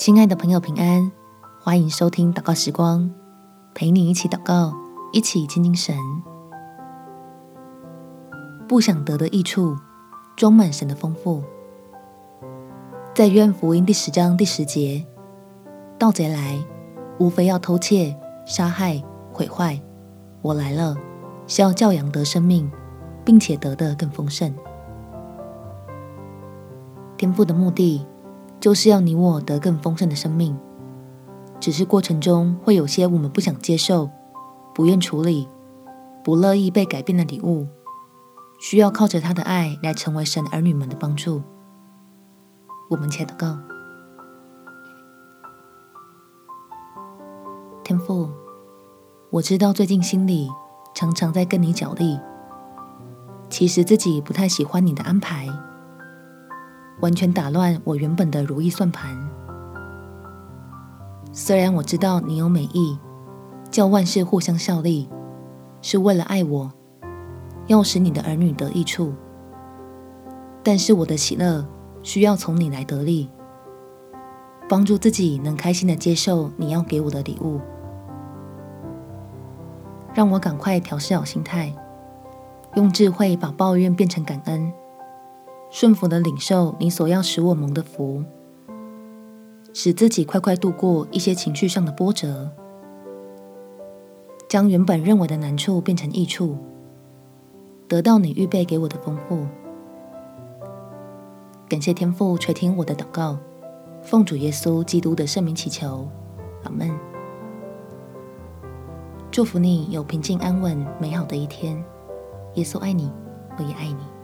親愛的朋友，平安，歡迎收聽禱告時光，陪你一起禱告，一起親近神。不想得的益處，裝滿神的豐富。在約翰福音第十章第十節，盜賊來，無非要偷竊、殺害、毀壞；我來了，是要教養得生命，並且得的更豐盛。天父的目的。就是要你我得更豐盛的生命，只是過程中會有些我們不想接受、不願處理、不樂意被改變的禮物，需要靠着他的愛來成為神兒女們的幫助。我們且禱告。天父，我知道最近心裡常常在跟你角力，其實自己不太喜歡你的安排。完全打亂我原本的如意算盤。雖然我知道你有美意，叫萬事互相效力，是為了愛我，要使你的兒女得益處。但是我的喜樂需要從你來得力，幫助自己能開心地接受你要給我的禮物。讓我趕快調適好心態，用智慧把抱怨變成感恩。順服的領受你所要使我蒙的福，使自己快快度過一些情緒上的波折，將原本認為的難處變成益處，得到你預備給我的豐富。感謝天父垂聽我的禱告，奉主耶穌基督的聖名祈求，阿門。祝福你有平靜安穩美好的一天。耶穌愛你，我也愛你。